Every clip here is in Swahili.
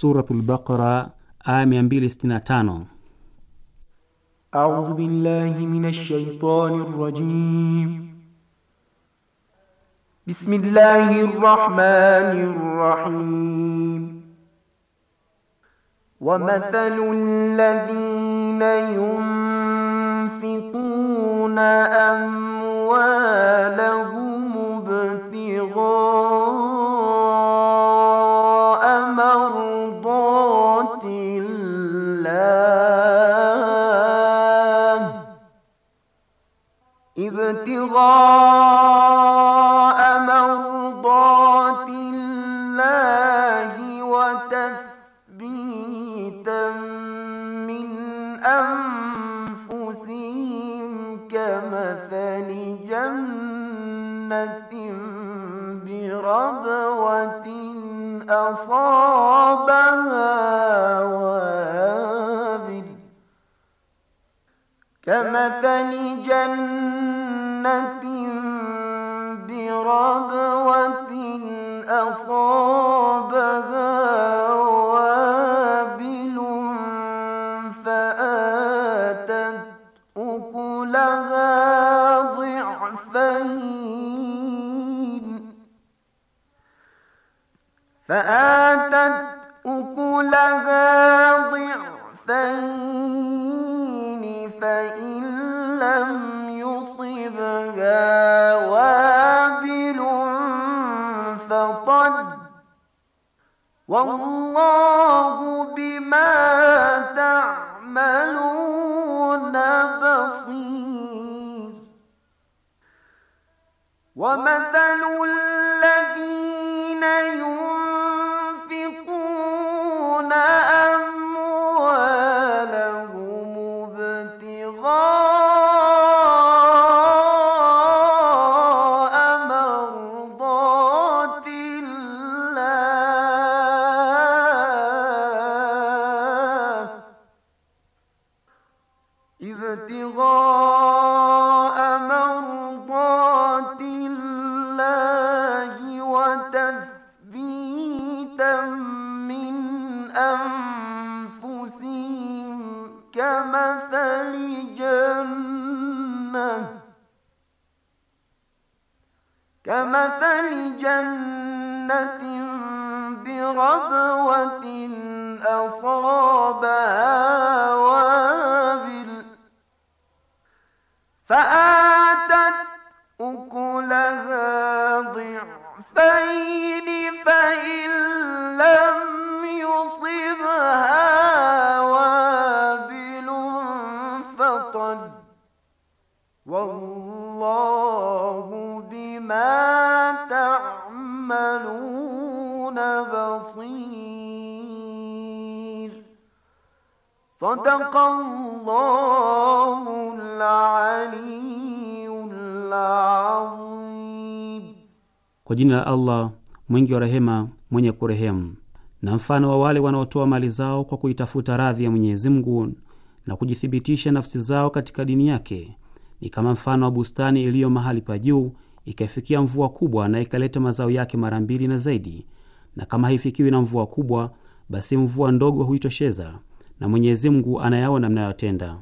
Suratul Baqara aya 265. A'udhu billahi minash shaitanir rajim. Bismillahir rahmanir rahim. ومثل الذين ينفقون أموالهم ابتغاء مرضات الله وتثبيتا من أنفسهم كمثل جنة بربوة أصابها وابل كمثل جنة وابل فآتت أكلها ضعفين فآتت أكلها والله بما تعملون بصير ومثل Kwa jina la Allah mwingi wa rehema mwenye kurehemu. Na mfano wa wale wanaotoa mali zao kwa kuitafuta radhi ya Mwenyezi Mungu na kujithibitisha nafsi zao katika dini yake ni kama mfano wa bustani iliyo mahali pa juu ikaifikia mvua kubwa na ikaleta mazao yake mara mbili na zaidi, na kama haifikiwi na mvua kubwa, basi mvua ndogo huitosheza na Mwenyezi Mungu anayaona mnayotenda.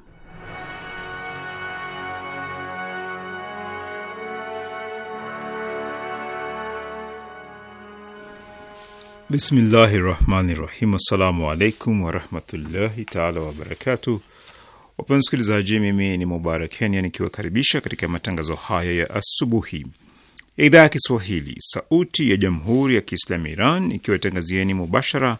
Bismillahi rahmani rahim. Assalamu alaikum warahmatullahi taala wabarakatu. Wapenzi msikilizaji mimi ni Mubarak Kenya nikiwakaribisha katika matangazo haya ya asubuhi ya idhaa ya Kiswahili, Sauti ya Jamhuri ya Kiislamu Iran, ikiwatangazieni mubashara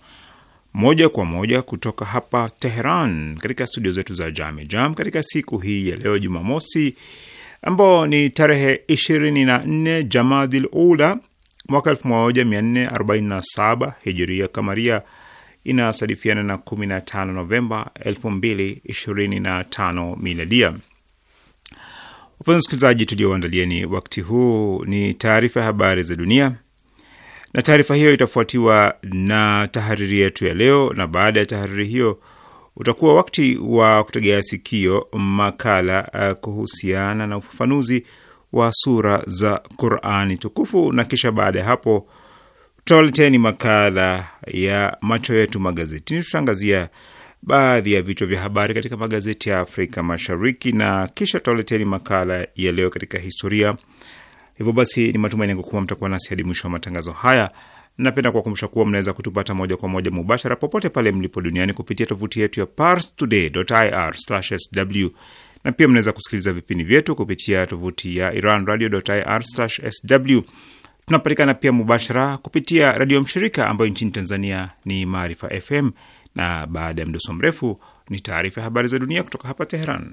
moja kwa moja kutoka hapa Teheran katika studio zetu za Jame Jam katika siku hii ya leo Jumamosi, ambao ni tarehe 24 Jamadil Ula mwaka 1447 Hijiria Kamaria, inasadifiana na 15 Novemba 2025 Miladia. Wapenzi wasikilizaji, tulioandalieni wakati huu ni taarifa ya habari za dunia na taarifa hiyo itafuatiwa na tahariri yetu ya leo, na baada ya tahariri hiyo utakuwa wakati wa kutegea sikio makala eh, kuhusiana na ufafanuzi wa sura za Qurani tukufu, na kisha baada ya hapo tutawaleteni makala ya macho yetu magazetini. Tutaangazia baadhi ya vichwa vya habari katika magazeti ya Afrika Mashariki, na kisha tutawaleteni makala ya leo katika historia Hivyo basi ni matumaini yangu kuwa mtakuwa nasi hadi mwisho wa matangazo haya. Napenda kuwakumbusha kuwa mnaweza kutupata moja kwa moja mubashara popote pale mlipo duniani kupitia tovuti yetu ya parstoday.ir/sw na pia mnaweza kusikiliza vipindi vyetu kupitia tovuti ya iranradio.ir/sw. Tunapatikana pia mubashara kupitia redio mshirika ambayo nchini Tanzania ni Maarifa FM, na baada ya mdoso mrefu ni taarifa ya habari za dunia kutoka hapa Teheran.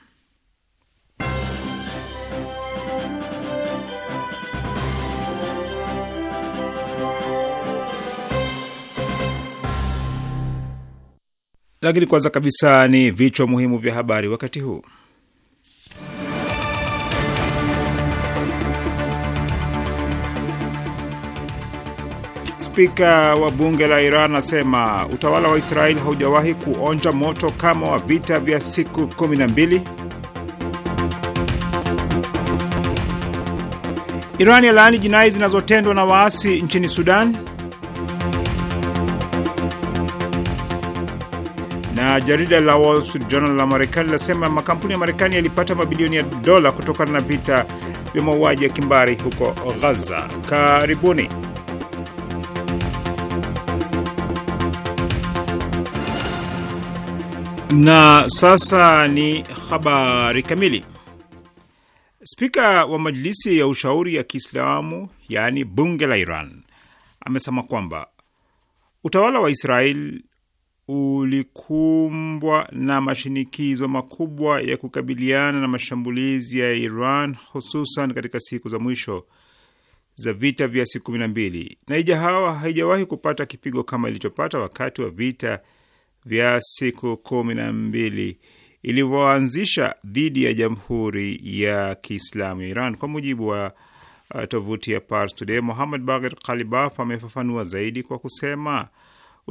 Lakini kwanza kabisa ni vichwa muhimu vya habari wakati huu. Spika wa bunge la Iran anasema utawala wa Israeli haujawahi kuonja moto kama wa vita vya siku 12. Iran yalaani jinai zinazotendwa na waasi nchini Sudan. jarida la Wall Street Journal la Marekani linasema makampuni ya Marekani yalipata mabilioni ya dola kutokana na vita vya mauaji ya kimbari huko Gaza. Karibuni. Na sasa ni habari kamili. Spika wa Majlisi ya Ushauri ya Kiislamu, yaani bunge la Iran, amesema kwamba utawala wa Israel ulikumbwa na mashinikizo makubwa ya kukabiliana na mashambulizi ya Iran, hususan katika siku za mwisho za vita vya siku kumi na mbili. ija hawa haijawahi kupata kipigo kama ilichopata wakati wa vita vya siku kumi na mbili ilivyoanzisha dhidi ya Jamhuri ya Kiislamu ya Iran. Kwa mujibu wa uh, tovuti ya Pars Today, Muhammad Bagher Kalibaf amefafanua zaidi kwa kusema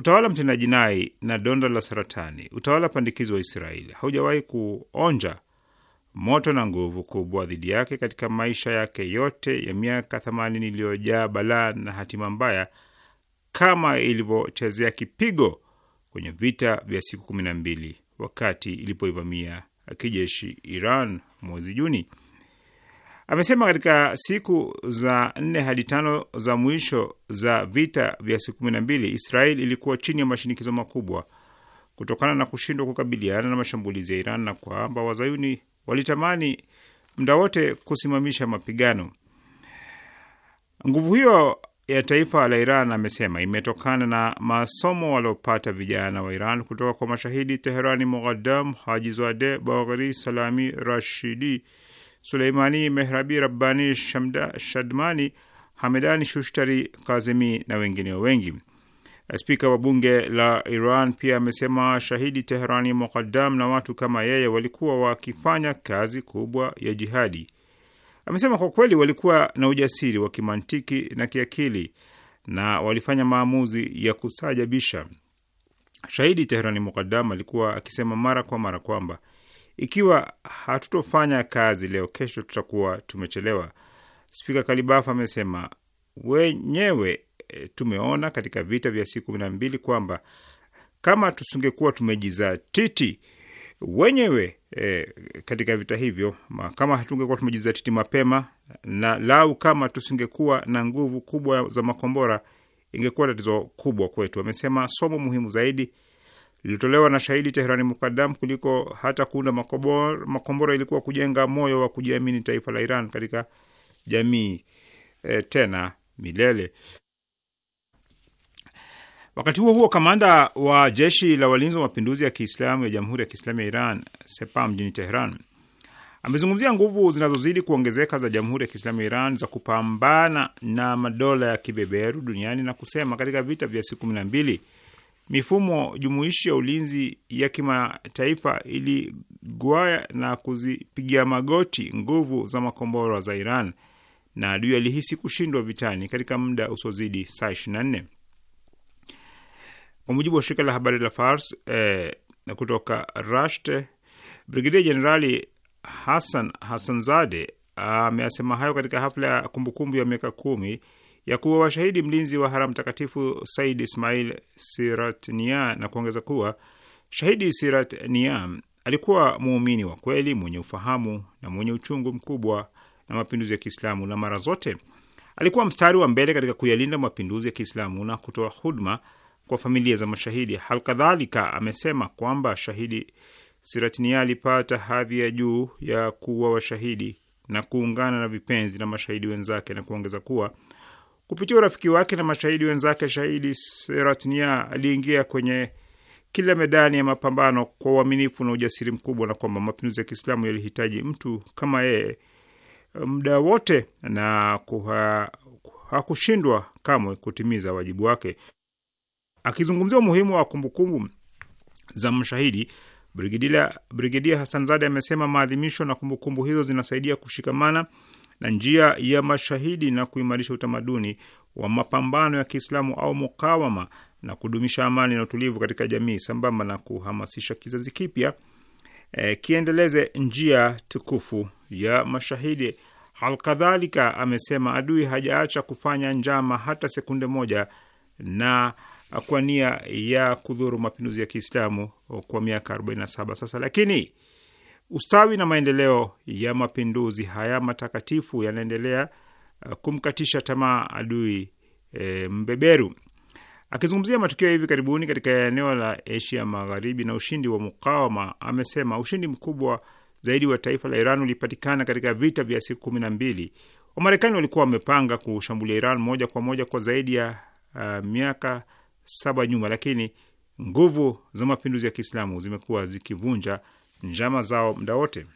Utawala mtenda jinai na donda la saratani, utawala pandikizi wa Israeli haujawahi kuonja moto na nguvu kubwa dhidi yake katika maisha yake yote ya miaka themanini iliyojaa balaa na hatima mbaya kama ilivyochezea kipigo kwenye vita vya siku kumi na mbili wakati ilipoivamia kijeshi Iran mwezi Juni. Amesema katika siku za nne hadi tano za mwisho za vita vya siku kumi na mbili Israel ilikuwa chini ya mashinikizo makubwa kutokana na kushindwa kukabiliana na mashambulizi ya Iran na kwamba wazayuni walitamani muda wote kusimamisha mapigano. Nguvu hiyo ya taifa la Iran, amesema, imetokana na masomo waliopata vijana wa Iran kutoka kwa mashahidi Teherani, Mogadam, Haji Zade, Bagheri, Salami, Rashidi Suleimani, Mehrabi, Rabbani, Shamda, Shadmani, Hamedani, Shushtari, Kazemi na wengineo wengi. Spika wa bunge la Iran pia amesema shahidi Teherani Mokaddam na watu kama yeye walikuwa wakifanya kazi kubwa ya jihadi. Amesema kwa kweli walikuwa na ujasiri wa kimantiki na kiakili na walifanya maamuzi ya kusajabisha. Shahidi Teherani Mukaddam alikuwa akisema mara kwa mara kwamba ikiwa hatutofanya kazi leo, kesho tutakuwa tumechelewa. Spika Kalibaf amesema wenyewe eh, tumeona katika vita vya siku kumi na mbili kwamba kama tusingekuwa tumejizatiti wenyewe e, katika vita hivyo ma, kama hatungekuwa tumejizatiti mapema na lau kama tusingekuwa na nguvu kubwa za makombora ingekuwa tatizo kubwa kwetu. Amesema somo muhimu zaidi lililotolewa na shahidi Teherani Mukadam kuliko hata kuunda makombora ilikuwa kujenga moyo wa kujiamini taifa la Iran katika jamii e, tena milele. Wakati huo huo, kamanda wa jeshi la walinzi wa mapinduzi ya Kiislamu ya Jamhuri ya Kiislamu ya Iran Sepa mjini Teheran amezungumzia nguvu zinazozidi kuongezeka za Jamhuri ya Kiislamu ya Iran za kupambana na madola ya kibeberu duniani na kusema katika vita vya siku kumi na mbili mifumo jumuishi ya ulinzi ya kimataifa iligwaya na kuzipigia magoti nguvu za makombora za Iran na adui alihisi kushindwa vitani katika muda usiozidi saa 24. Kwa mujibu wa shirika la habari la Fars eh, kutoka Rasht, Brigedia Jenerali Hassan Hassanzade ameasema hayo katika hafla ya kumbukumbu ya miaka kumi ya kuwa washahidi mlinzi wa haram takatifu Said Ismail Siratnia na kuongeza kuwa shahidi Siratnia alikuwa muumini wa kweli mwenye ufahamu na mwenye uchungu mkubwa na mapinduzi ya Kiislamu na mara zote alikuwa mstari wa mbele katika kuyalinda mapinduzi ya Kiislamu na kutoa huduma kwa familia za mashahidi. kadhalika amesema kwamba shahidi Siratnia alipata hadhi ya juu ya kuwa washahidi na kuungana na vipenzi na mashahidi wenzake na kuongeza kuwa Kupitia urafiki wake na mashahidi wenzake, shahidi Seratnia aliingia kwenye kila medani ya mapambano kwa uaminifu na ujasiri mkubwa, na kwamba mapinduzi ya Kiislamu yalihitaji mtu kama yeye muda wote na kuha, hakushindwa kamwe kutimiza wajibu wake. Akizungumzia umuhimu wa kumbukumbu za mshahidi Brigedia Hassan Zade amesema maadhimisho na kumbukumbu hizo zinasaidia kushikamana na njia ya mashahidi na kuimarisha utamaduni wa mapambano ya Kiislamu au mukawama na kudumisha amani na utulivu katika jamii sambamba na kuhamasisha kizazi kipya e, kiendeleze njia tukufu ya mashahidi. Alkadhalika amesema adui hajaacha kufanya njama hata sekunde moja na kwa nia ya kudhuru mapinduzi ya Kiislamu kwa miaka 47 sasa, lakini Ustawi na maendeleo ya mapinduzi haya matakatifu yanaendelea uh, kumkatisha tamaa adui e, mbeberu. Akizungumzia matukio ya hivi karibuni katika eneo la Asia Magharibi na ushindi wa mukawama, amesema ushindi mkubwa zaidi wa taifa la Iran ulipatikana katika vita vya siku kumi na mbili. Wamarekani walikuwa wamepanga kushambulia Iran moja kwa moja kwa zaidi ya uh, miaka saba nyuma, lakini nguvu za mapinduzi ya Kiislamu zimekuwa zikivunja njama zao muda wote.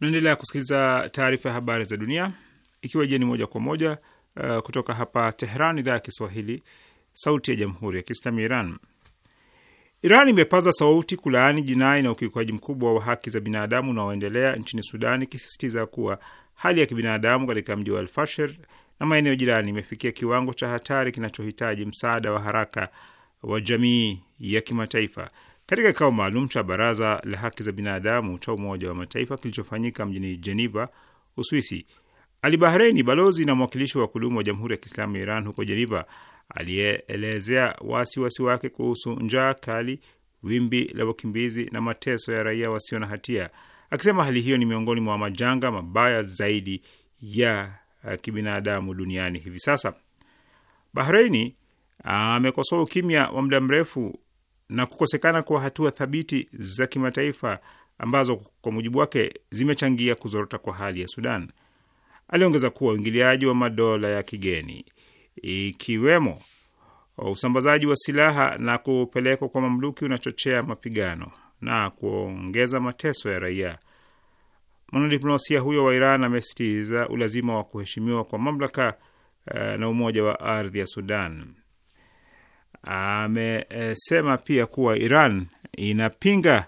Naendelea kusikiliza taarifa ya habari za dunia, ikiwa jeni moja kwa moja uh, kutoka hapa Tehran, idhaa ya Kiswahili, sauti ya jamhuri ya kiislamu ya Iran. Iran imepaza sauti kulaani jinai na ukiukaji mkubwa wa haki za binadamu unaoendelea nchini Sudan, ikisisitiza kuwa hali ya kibinadamu katika mji wa Alfashir na maeneo jirani imefikia kiwango cha hatari kinachohitaji msaada wa haraka wa jamii ya kimataifa. Katika kikao maalum cha Baraza la Haki za Binadamu cha Umoja wa Mataifa kilichofanyika mjini Jeneva, Uswisi, Ali Bahreini, balozi na mwakilishi wa kudumu wa Jamhuri ya Kiislamu ya Iran huko Jeneva, aliyeelezea wasiwasi wake kuhusu njaa kali, wimbi la wakimbizi na mateso ya raia wasio na hatia, akisema hali hiyo ni miongoni mwa majanga mabaya zaidi ya kibinadamu duniani hivi sasa. Bahreini amekosoa ukimya wa muda mrefu na kukosekana kwa hatua thabiti za kimataifa ambazo kwa mujibu wake zimechangia kuzorota kwa hali ya Sudan. Aliongeza kuwa uingiliaji wa madola ya kigeni ikiwemo usambazaji wa silaha na kupelekwa kwa mamluki unachochea mapigano na kuongeza mateso ya raia. Mwanadiplomasia huyo wa Iran amesisitiza ulazima wa kuheshimiwa kwa mamlaka eh, na umoja wa ardhi ya Sudan amesema pia kuwa Iran inapinga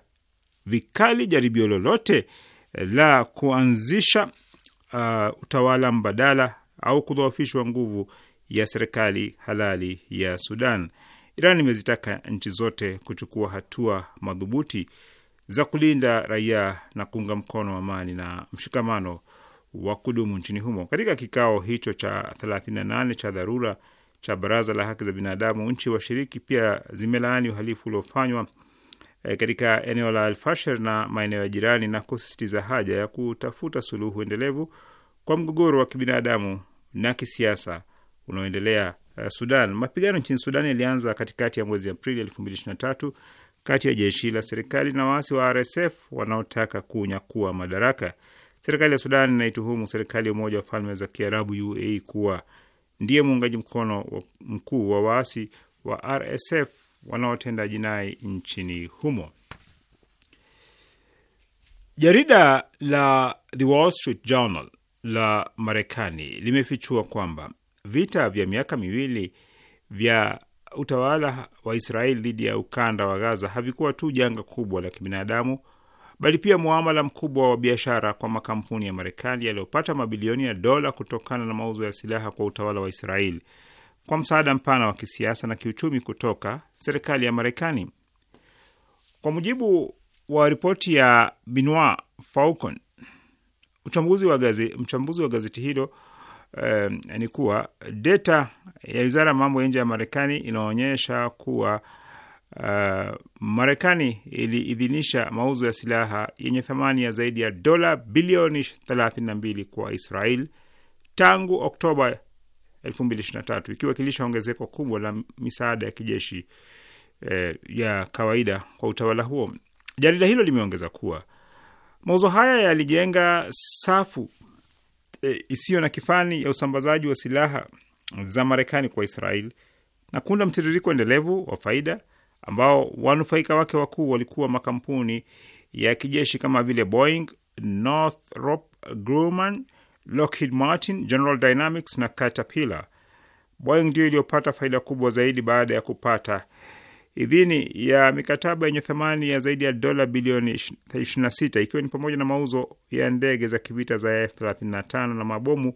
vikali jaribio lolote la kuanzisha uh, utawala mbadala au kudhoofishwa nguvu ya serikali halali ya Sudan. Iran imezitaka nchi zote kuchukua hatua madhubuti za kulinda raia na kuunga mkono amani na mshikamano wa kudumu nchini humo. Katika kikao hicho cha 38 cha dharura cha Baraza la Haki za Binadamu, nchi washiriki pia zimelaani uhalifu uliofanywa e, katika eneo la Alfashir na maeneo ya jirani na kusisitiza haja ya kutafuta suluhu endelevu kwa mgogoro wa kibinadamu na kisiasa unaoendelea eh, Sudan. Mapigano nchini Sudan yalianza katikati ya mwezi Aprili 2023 kati ya jeshi la serikali na waasi wa RSF wanaotaka kunyakua madaraka. Serikali ya Sudan inaituhumu serikali ya Umoja wa Falme za Kiarabu UAE kuwa ndiye muungaji mkono mkuu wa waasi wa RSF wanaotenda jinai nchini humo. Jarida la The Wall Street Journal la Marekani limefichua kwamba vita vya miaka miwili vya utawala wa Israeli dhidi ya ukanda wa Gaza havikuwa tu janga kubwa la kibinadamu bali pia muamala mkubwa wa biashara kwa makampuni ya Marekani yaliyopata mabilioni ya dola kutokana na mauzo ya silaha kwa utawala wa Israeli kwa msaada mpana wa kisiasa na kiuchumi kutoka serikali ya Marekani. Kwa mujibu wa ripoti ya Benoit Faucon, mchambuzi wa gazeti, mchambuzi wa gazeti hilo eh, ni kuwa deta ya wizara ya mambo ya nje ya Marekani inaonyesha kuwa uh, Marekani iliidhinisha mauzo ya silaha yenye thamani ya zaidi ya dola bilioni 32 kwa Israel tangu Oktoba 2023 ikiwakilisha ongezeko kubwa la misaada ya kijeshi eh, ya kawaida kwa utawala huo. Jarida hilo limeongeza kuwa mauzo haya yalijenga safu eh, isiyo na kifani ya usambazaji wa silaha za Marekani kwa Israel na kuunda mtiririko endelevu wa faida ambao wanufaika wake wakuu walikuwa makampuni ya kijeshi kama vile Boeing, Northrop Grumman, Lockheed Martin, General Dynamics na Caterpillar. Boeing ndiyo iliyopata faida kubwa zaidi baada ya kupata idhini ya mikataba yenye thamani ya zaidi ya dola bilioni 26 ikiwa ni pamoja na mauzo ya ndege za kivita za F35 na mabomu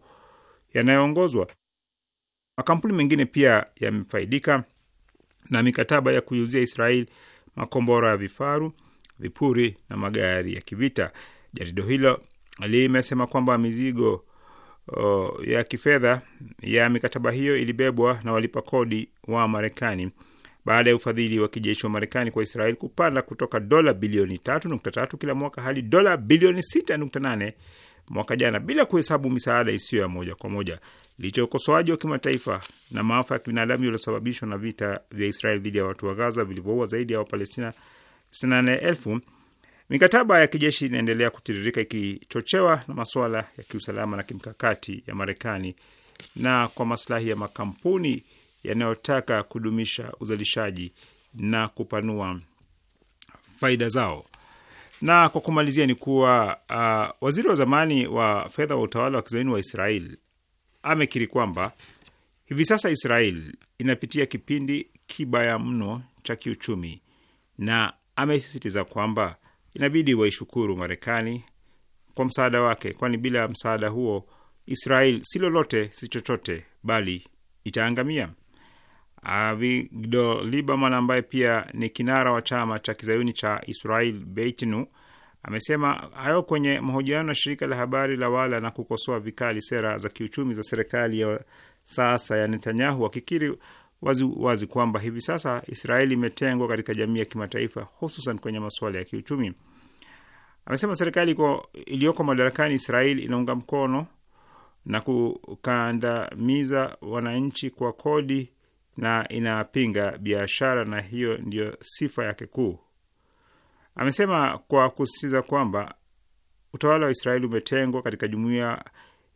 yanayoongozwa. Makampuni mengine pia yamefaidika na mikataba ya kuiuzia Israel makombora ya vifaru, vipuri na magari ya kivita. Jarido hilo limesema kwamba mizigo o, ya kifedha ya mikataba hiyo ilibebwa na walipa kodi wa Marekani baada ya ufadhili wa kijeshi wa Marekani kwa Israel kupanda kutoka dola bilioni 3.3 kila mwaka hadi dola bilioni 6.8 mwaka jana bila kuhesabu misaada isiyo ya moja kwa moja. Licha ya ukosoaji wa kimataifa na maafa ya kibinadamu yaliyosababishwa na vita vya Israel dhidi ya watu wa Gaza vilivyoua zaidi ya Wapalestina 68,000 mikataba ya kijeshi inaendelea kutiririka ikichochewa na masuala ya kiusalama na kimkakati ya Marekani na kwa maslahi ya makampuni yanayotaka kudumisha uzalishaji na kupanua faida zao. Na kwa kumalizia ni kuwa uh, waziri wa zamani wa fedha wa utawala wa kizaini wa Israel amekiri kwamba hivi sasa Israel inapitia kipindi kibaya mno cha kiuchumi, na amesisitiza kwamba inabidi waishukuru Marekani kwa msaada wake, kwani bila msaada huo Israel si lolote si chochote, bali itaangamia. Avigdor Lieberman ambaye pia ni kinara wa chama cha kizayuni cha Israel Beitenu amesema hayo kwenye mahojiano na shirika la habari la Wala na kukosoa vikali sera za kiuchumi za serikali ya sasa ya Netanyahu, akikiri wazi wazi kwamba hivi sasa Israeli imetengwa katika jamii ya kimataifa, hususan kwenye masuala ya kiuchumi. Amesema serikali iliyoko madarakani Israeli inaunga mkono na kukandamiza wananchi kwa kodi na inapinga biashara, na hiyo ndiyo sifa yake kuu. Amesema kwa kusisitiza kwamba utawala wa Israeli umetengwa katika jumuiya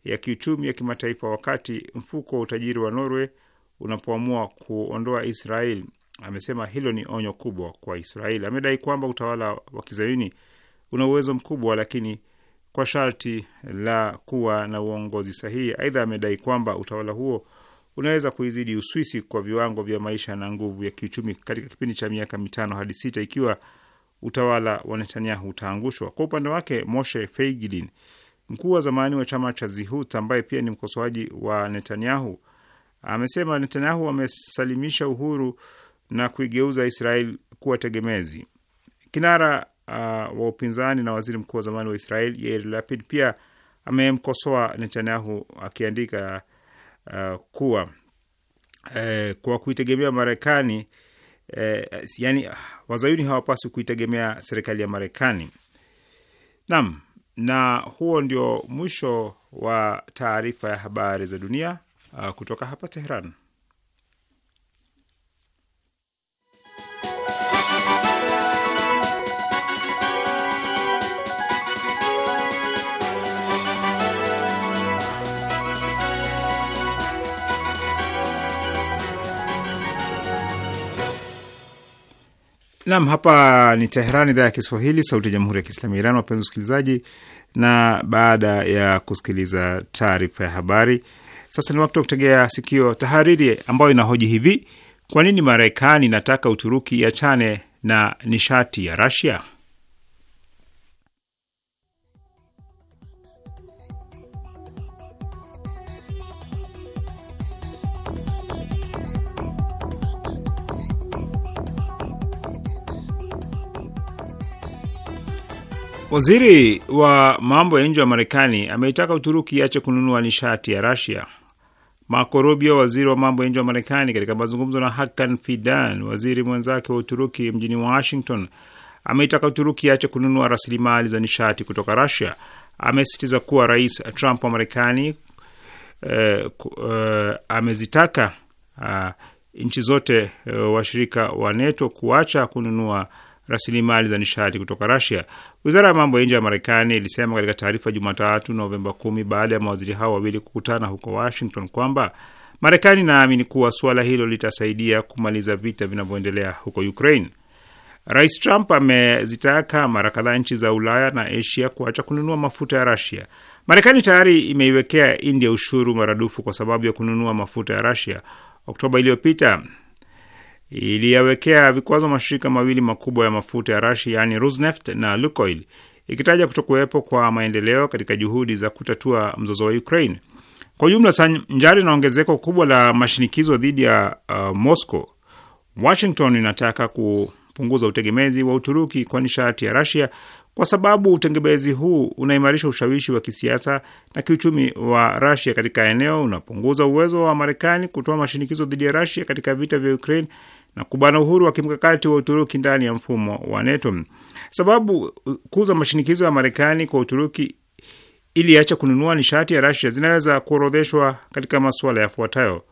ya kiuchumi ya kimataifa wakati mfuko wa utajiri wa Norway unapoamua kuondoa Israeli. Amesema hilo ni onyo kubwa kwa Israeli. Amedai kwamba utawala wa kizayuni una uwezo mkubwa, lakini kwa sharti la kuwa na uongozi sahihi. Aidha, amedai kwamba utawala huo unaweza kuizidi Uswisi kwa viwango vya maisha na nguvu ya kiuchumi katika kipindi cha miaka mitano hadi sita ikiwa utawala wa Netanyahu utaangushwa. Kwa upande wake, Moshe Feigilin, mkuu wa zamani wa chama cha Zihut ambaye pia ni mkosoaji wa Netanyahu, amesema Netanyahu amesalimisha uhuru na kuigeuza Israel kuwa tegemezi. Kinara uh, wa upinzani na waziri mkuu wa zamani wa Israel Yair Lapid pia amemkosoa Netanyahu akiandika uh, kuwa uh, kwa kuitegemea Marekani uh, yani wazayuni hawapaswi kuitegemea serikali ya Marekani. Naam, na huo ndio mwisho wa taarifa ya habari za dunia uh, kutoka hapa teheran Nam, hapa ni Teheran, idhaa ya Kiswahili, sauti ya jamhuri ya kiislamu ya Iran. Wapenzi wasikilizaji, na baada ya kusikiliza taarifa ya habari, sasa ni wakati wa kutegea sikio tahariri ambayo inahoji hivi: kwa nini Marekani inataka Uturuki iachane na nishati ya Rasia? Waziri wa mambo ya nje wa Marekani ameitaka Uturuki iache kununua nishati ya Rasia. Marco Rubio, waziri wa mambo ya nje wa Marekani, katika mazungumzo na Hakan Fidan, waziri mwenzake wa Uturuki mjini Washington, ameitaka Uturuki iache kununua rasilimali za nishati kutoka Rasia. Amesisitiza kuwa Rais Trump wa Marekani eh, eh, amezitaka ah, nchi zote eh, washirika wa NATO kuacha kununua rasilimali za nishati kutoka Rasia. Wizara ya mambo ya nje ya Marekani ilisema katika taarifa Jumatatu, Novemba kumi, baada ya mawaziri hao wawili kukutana huko Washington kwamba Marekani inaamini kuwa suala hilo litasaidia kumaliza vita vinavyoendelea huko Ukraine. Rais Trump amezitaka mara kadhaa nchi za Ulaya na Asia kuacha kununua mafuta ya Rasia. Marekani tayari imeiwekea India ushuru maradufu kwa sababu ya kununua mafuta ya Rasia. Oktoba iliyopita iliyawekea vikwazo mashirika mawili makubwa ya mafuta ya Rashi, yaani Rosneft na Lukoil, ikitaja kutokuwepo kwa maendeleo katika juhudi za kutatua mzozo wa Ukraine. Kwa ujumla, sanjari na ongezeko kubwa la mashinikizo dhidi ya uh, Moscow, Washington inataka kupunguza utegemezi wa Uturuki kwa nishati ya Rasia kwa sababu utegemezi huu unaimarisha ushawishi wa kisiasa na kiuchumi wa Rasia katika eneo, unapunguza uwezo wa Marekani kutoa mashinikizo dhidi ya Rasia katika vita vya Ukraine na kubana uhuru wa kimkakati wa Uturuki ndani ya mfumo wa NATO. Sababu uh, kuu za mashinikizo ya Marekani kwa Uturuki ili acha kununua nishati ya Rasia zinaweza kuorodheshwa katika masuala yafuatayo.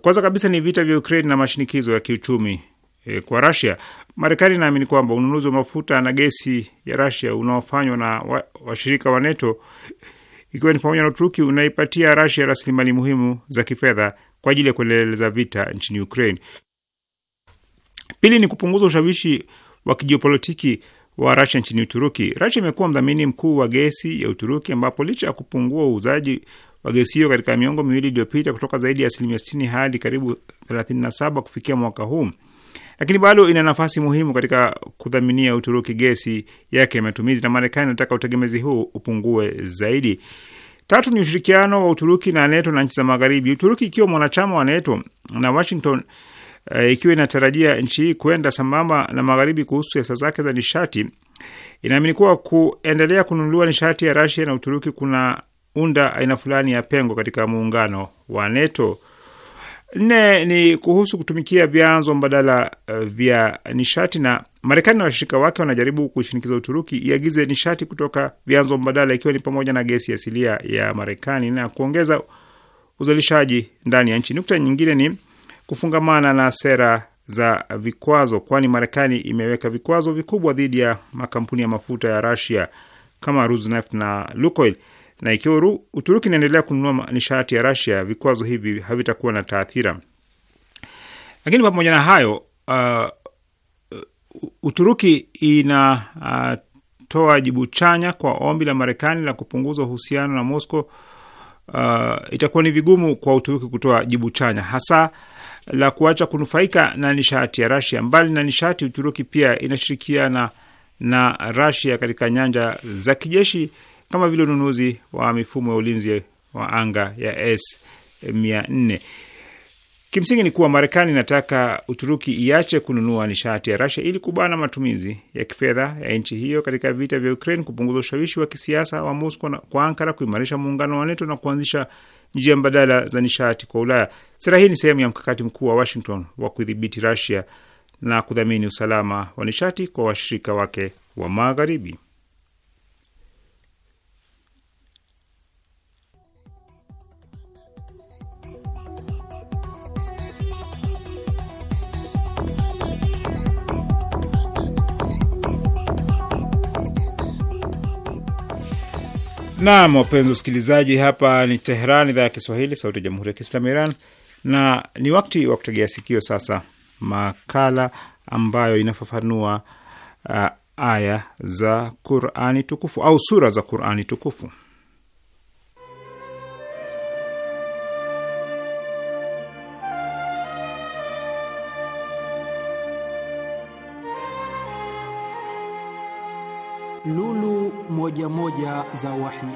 Kwanza kabisa ni vita vya Ukraine na mashinikizo ya kiuchumi e, kwa Rasia. Marekani inaamini kwamba ununuzi wa mafuta na gesi ya Rasia unaofanywa na washirika wa, wa NATO ikiwa ni pamoja na Uturuki unaipatia Rasia rasilimali muhimu za kifedha kwa ajili ya kuendeleza vita nchini Ukraine. Pili ni kupunguza ushawishi wa kijiopolitiki wa Rasia nchini Uturuki. Rasia imekuwa mdhamini mkuu wa gesi ya Uturuki, ambapo licha ya kupungua uuzaji wa gesi hiyo katika miongo miwili iliyopita kutoka zaidi ya asilimia 60 hadi karibu 37 kufikia mwaka huu, lakini bado ina nafasi muhimu katika kudhaminia Uturuki gesi yake ya matumizi, na Marekani inataka utegemezi huu upungue zaidi. Tatu ni ushirikiano wa Uturuki na NATO na nchi za Magharibi. Uturuki ikiwa mwanachama wa NATO na Washington Eh, ikiwa inatarajia nchi hii kwenda sambamba na magharibi kuhusu siasa zake za nishati, inaamini kuwa kuendelea kununuliwa nishati ya Rasia na Uturuki kuna unda aina fulani ya pengo katika muungano wa NATO. Nne ni kuhusu kutumikia vyanzo mbadala eh, vya nishati. Na Marekani na washirika wake wanajaribu kushinikiza Uturuki iagize nishati kutoka vyanzo mbadala, ikiwa ni pamoja na gesi asilia ya Marekani na kuongeza uzalishaji ndani ya nchi. Nukta nyingine ni kufungamana na sera za vikwazo, kwani Marekani imeweka vikwazo vikubwa dhidi ya makampuni ya mafuta ya rasia kama Rosneft na Lukoil, na ikiwa Uturuki inaendelea kununua nishati ya rasia vikwazo hivi havitakuwa na taathira. Lakini pamoja na hayo, uh, Uturuki inatoa uh, jibu chanya kwa ombi la Marekani la kupunguza uhusiano na Moscow. Uh, itakuwa ni vigumu kwa Uturuki kutoa jibu chanya hasa la kuacha kunufaika na nishati ya Rasia. Mbali na nishati, Uturuki pia inashirikiana na Rasia katika nyanja za kijeshi kama vile ununuzi wa mifumo ya ulinzi wa anga ya S400. Kimsingi ni kuwa Marekani inataka Uturuki iache kununua nishati ya Rasia ili kubana matumizi ya kifedha ya nchi hiyo katika vita vya Ukraine, kupunguza ushawishi wa kisiasa wa Moscow kwa Ankara, kuimarisha muungano wa NATO na kuanzisha njia mbadala za nishati kwa Ulaya. Sera hii ni sehemu ya mkakati mkuu wa Washington wa kudhibiti Rusia na kudhamini usalama wa nishati kwa washirika wake wa Magharibi. Naam, wapenzi wasikilizaji, hapa ni Teheran, idhaa ya Kiswahili, sauti ya jamhuri ya kiislamu Iran, na ni wakati wa kutegea sikio sasa makala ambayo inafafanua uh, aya za Qurani tukufu au sura za Qurani tukufu. hoja moja za wahi.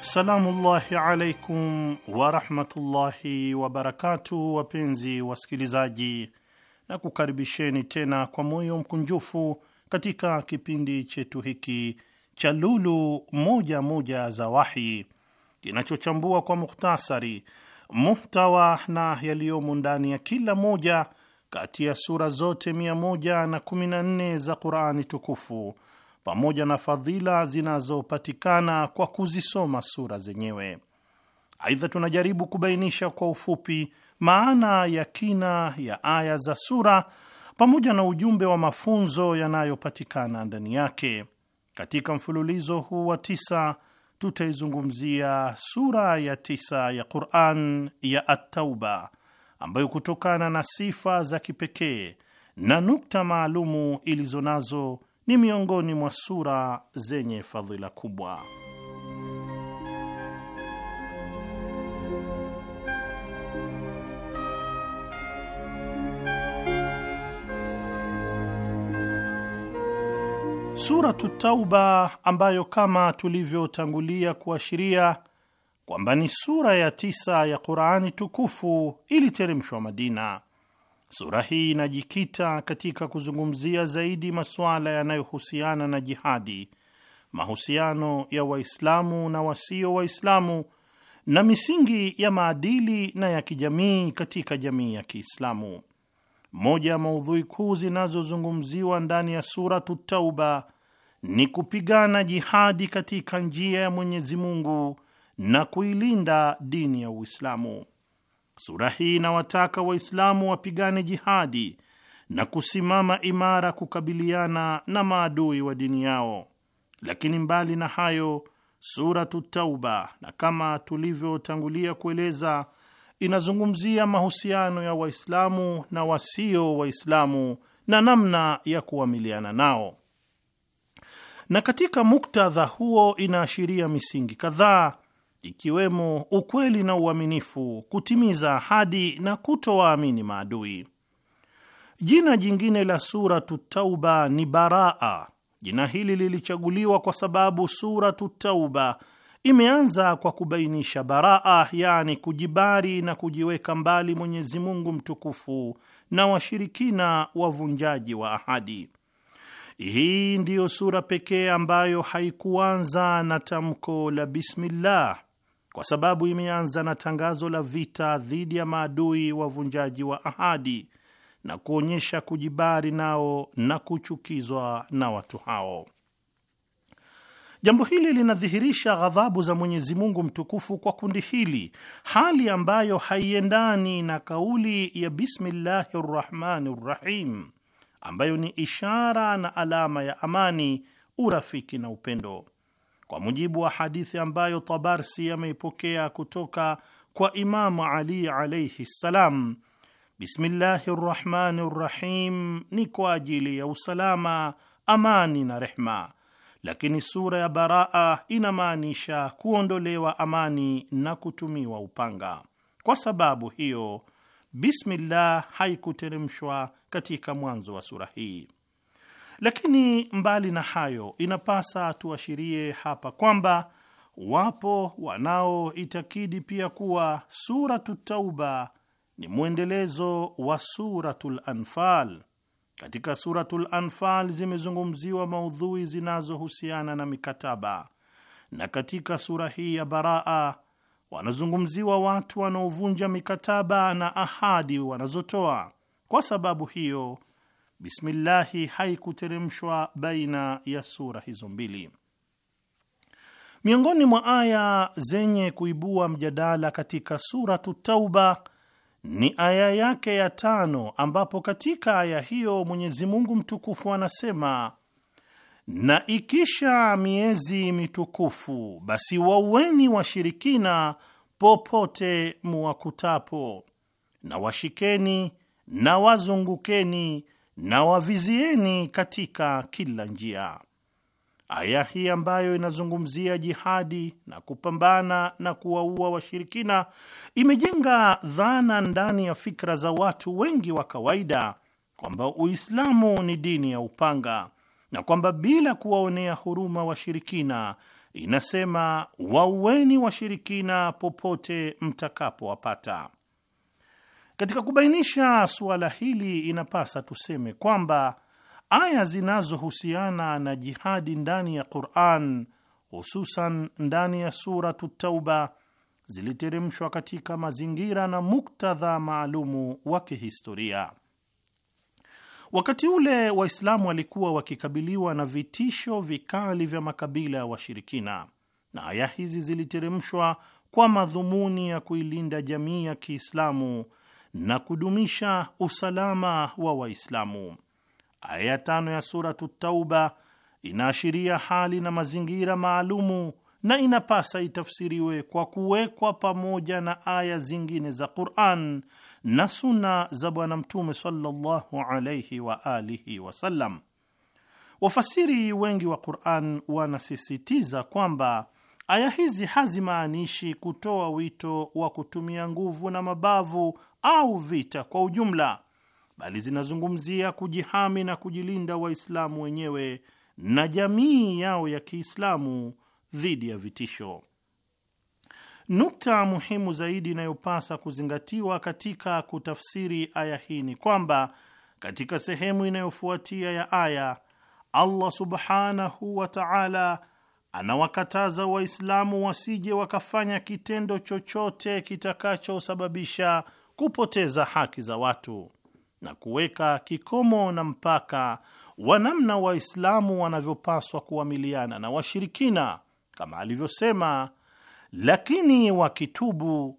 Salamullahi alaikum warahmatullahi wabarakatu, wapenzi wasikilizaji, na kukaribisheni tena kwa moyo mkunjufu katika kipindi chetu hiki cha Lulu Moja Moja za Wahi kinachochambua kwa mukhtasari muhtawa na yaliyomo ndani ya kila moja kati ya sura zote 114 za Qurani tukufu pamoja na fadhila zinazopatikana kwa kuzisoma sura zenyewe. Aidha, tunajaribu kubainisha kwa ufupi maana ya kina ya aya za sura pamoja na ujumbe wa mafunzo yanayopatikana ndani yake. Katika mfululizo huu wa tisa tutaizungumzia sura ya tisa ya Quran ya At-Tauba ambayo kutokana na sifa za kipekee na nukta maalumu ilizo nazo ni miongoni mwa sura zenye fadhila kubwa. Suratu Tauba ambayo kama tulivyotangulia kuashiria kwamba ni sura ya tisa ya Qur'ani tukufu iliteremshwa Madina. Sura hii inajikita katika kuzungumzia zaidi masuala yanayohusiana na jihadi, mahusiano ya Waislamu na wasio Waislamu na misingi ya maadili na ya kijamii katika jamii ya Kiislamu. Moja ya maudhui kuu zinazozungumziwa ndani ya Suratu Tauba ni kupigana jihadi katika njia ya Mwenyezi Mungu na kuilinda dini ya Uislamu. Sura hii inawataka Waislamu wapigane jihadi na kusimama imara kukabiliana na maadui wa dini yao. Lakini mbali na hayo, Suratu Tauba, na kama tulivyotangulia kueleza, inazungumzia mahusiano ya Waislamu na wasio Waislamu na namna ya kuamiliana nao, na katika muktadha huo inaashiria misingi kadhaa ikiwemo ukweli na uaminifu, kutimiza ahadi na kutowaamini maadui. Jina jingine la Suratu Tauba ni Baraa. Jina hili lilichaguliwa kwa sababu Suratu Tauba imeanza kwa kubainisha baraa, yani kujibari na kujiweka mbali Mwenyezi Mungu mtukufu na washirikina wavunjaji wa ahadi. Hii ndiyo sura pekee ambayo haikuanza na tamko la bismillah kwa sababu imeanza na tangazo la vita dhidi ya maadui wavunjaji wa ahadi na kuonyesha kujibari nao na kuchukizwa na watu hao. Jambo hili linadhihirisha ghadhabu za Mwenyezi Mungu mtukufu kwa kundi hili, hali ambayo haiendani na kauli ya bismillahi rrahmani rrahim, ambayo ni ishara na alama ya amani, urafiki na upendo kwa mujibu wa hadithi ambayo Tabarsi ameipokea kutoka kwa Imamu Ali alaihi ssalam, bismillahi rrahmani rrahim ni kwa ajili ya usalama, amani na rehma, lakini sura ya Baraa inamaanisha kuondolewa amani na kutumiwa upanga. Kwa sababu hiyo, bismillah haikuteremshwa katika mwanzo wa sura hii. Lakini mbali na hayo, inapasa tuashirie hapa kwamba wapo wanaoitakidi pia kuwa Suratu Tauba ni mwendelezo wa Suratul Anfal. Katika Suratul Anfal zimezungumziwa maudhui zinazohusiana na mikataba, na katika sura hii ya Baraa wanazungumziwa watu wanaovunja mikataba na ahadi wanazotoa. Kwa sababu hiyo Bismillahi haikuteremshwa baina ya sura hizo mbili. Miongoni mwa aya zenye kuibua mjadala katika Suratu Tauba ni aya yake ya tano, ambapo katika aya hiyo Mwenyezi Mungu mtukufu anasema na ikisha miezi mitukufu basi waueni washirikina popote muwakutapo, na washikeni na wazungukeni na wavizieni katika kila njia. Aya hii ambayo inazungumzia jihadi na kupambana na kuwaua washirikina imejenga dhana ndani ya fikra za watu wengi wa kawaida kwamba Uislamu ni dini ya upanga na kwamba bila kuwaonea huruma washirikina, inasema waueni washirikina popote mtakapowapata. Katika kubainisha suala hili, inapasa tuseme kwamba aya zinazohusiana na jihadi ndani ya Quran, hususan ndani ya Suratu Tauba, ziliteremshwa katika mazingira na muktadha maalumu wa kihistoria. Wakati ule Waislamu walikuwa wakikabiliwa na vitisho vikali vya makabila ya washirikina, na aya hizi ziliteremshwa kwa madhumuni ya kuilinda jamii ya Kiislamu na kudumisha usalama wa Waislamu. Aya ya tano ya Suratu Tauba inaashiria hali na mazingira maalumu na inapasa itafsiriwe kwa kuwekwa pamoja na aya zingine za Quran na suna za Bwana Mtume sallallahu alayhi wa alihi wasallam. Wafasiri wengi wa Quran wanasisitiza kwamba aya hizi hazimaanishi kutoa wito wa kutumia nguvu na mabavu au vita kwa ujumla, bali zinazungumzia kujihami na kujilinda Waislamu wenyewe na jamii yao ya Kiislamu dhidi ya vitisho. Nukta muhimu zaidi inayopasa kuzingatiwa katika kutafsiri aya hii ni kwamba katika sehemu inayofuatia ya aya, Allah subhanahu wa ta'ala anawakataza Waislamu wasije wakafanya kitendo chochote kitakachosababisha kupoteza haki za watu na kuweka kikomo na mpaka wa namna Waislamu wanavyopaswa kuamiliana na washirikina kama alivyosema, lakini wakitubu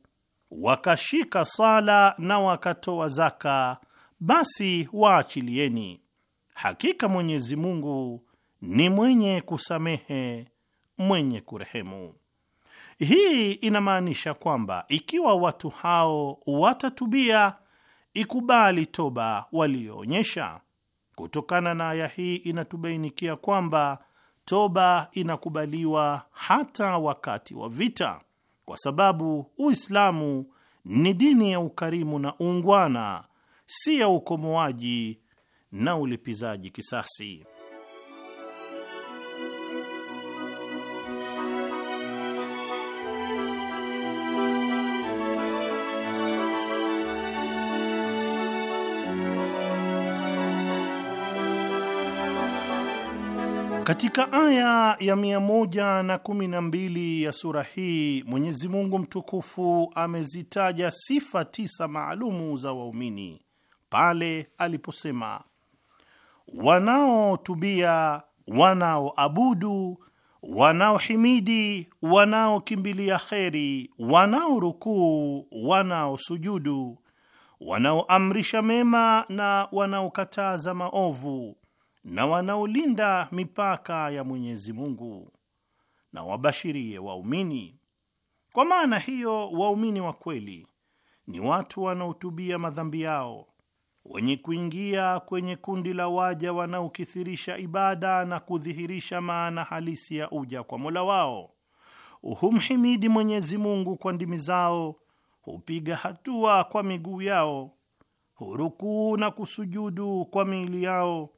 wakashika sala na wakatoa zaka, basi waachilieni, hakika Mwenyezi Mungu ni mwenye kusamehe mwenye kurehemu. Hii inamaanisha kwamba ikiwa watu hao watatubia, ikubali toba walioonyesha. Kutokana na aya hii inatubainikia kwamba toba inakubaliwa hata wakati wa vita, kwa sababu Uislamu ni dini ya ukarimu na uungwana, si ya ukomoaji na ulipizaji kisasi. Katika aya ya 112 ya sura hii Mwenyezi Mungu mtukufu amezitaja sifa tisa maalumu za waumini pale aliposema, wanaotubia, wanaoabudu, wanaohimidi, wanaokimbilia kheri, wanaorukuu, wanaosujudu, wanaoamrisha mema na wanaokataza maovu na wanaolinda mipaka ya Mwenyezi Mungu na wabashirie waumini. Kwa maana hiyo, waumini wa kweli ni watu wanaotubia madhambi yao, wenye kuingia kwenye kundi la waja wanaokithirisha ibada na kudhihirisha maana halisi ya uja kwa Mola wao, humhimidi Mwenyezi Mungu kwa ndimi zao, hupiga hatua kwa miguu yao, hurukuu na kusujudu kwa miili yao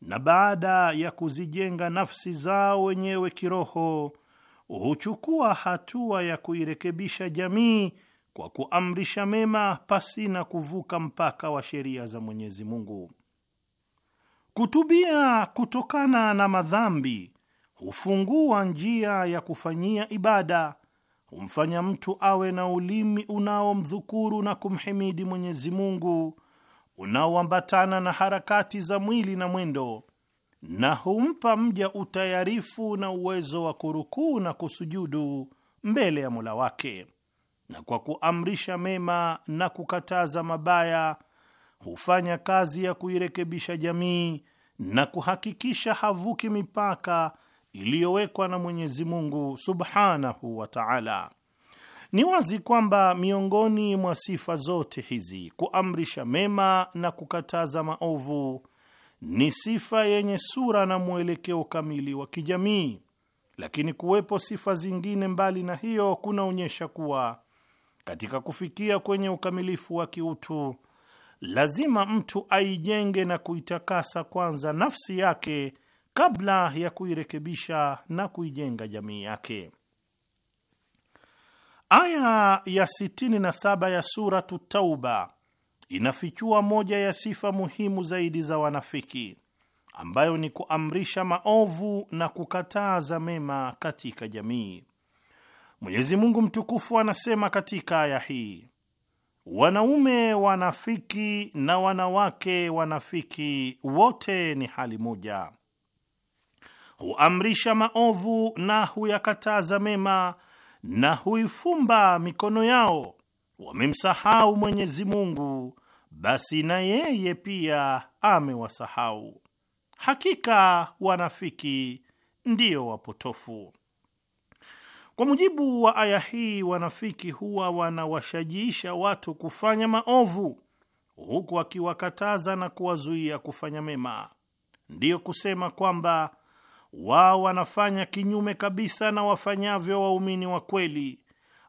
na baada ya kuzijenga nafsi zao wenyewe kiroho huchukua hatua ya kuirekebisha jamii kwa kuamrisha mema pasi na kuvuka mpaka wa sheria za Mwenyezi Mungu. Kutubia kutokana na madhambi hufungua njia ya kufanyia ibada, humfanya mtu awe na ulimi unaomdhukuru na kumhimidi Mwenyezi Mungu unaoambatana na harakati za mwili na mwendo, na humpa mja utayarifu na uwezo wa kurukuu na kusujudu mbele ya Mola wake, na kwa kuamrisha mema na kukataza mabaya hufanya kazi ya kuirekebisha jamii na kuhakikisha havuki mipaka iliyowekwa na Mwenyezi Mungu Subhanahu wa Ta'ala. Ni wazi kwamba miongoni mwa sifa zote hizi, kuamrisha mema na kukataza maovu, ni sifa yenye sura na mwelekeo kamili wa kijamii, lakini kuwepo sifa zingine mbali na hiyo kunaonyesha kuwa katika kufikia kwenye ukamilifu wa kiutu lazima mtu aijenge na kuitakasa kwanza nafsi yake kabla ya kuirekebisha na kuijenga jamii yake. Aya ya 67 ya Suratu Tauba inafichua moja ya sifa muhimu zaidi za wanafiki ambayo ni kuamrisha maovu na kukataza mema katika jamii. Mwenyezi Mungu mtukufu anasema katika aya hii, wanaume wanafiki na wanawake wanafiki wote ni hali moja, huamrisha maovu na huyakataza mema na huifumba mikono yao, wamemsahau Mwenyezi Mungu, basi na yeye pia amewasahau. Hakika wanafiki ndiyo wapotofu. Kwa mujibu wa aya hii, wanafiki huwa wanawashajiisha watu kufanya maovu huku akiwakataza na kuwazuia kufanya mema. Ndiyo kusema kwamba wao wanafanya kinyume kabisa na wafanyavyo waumini wa kweli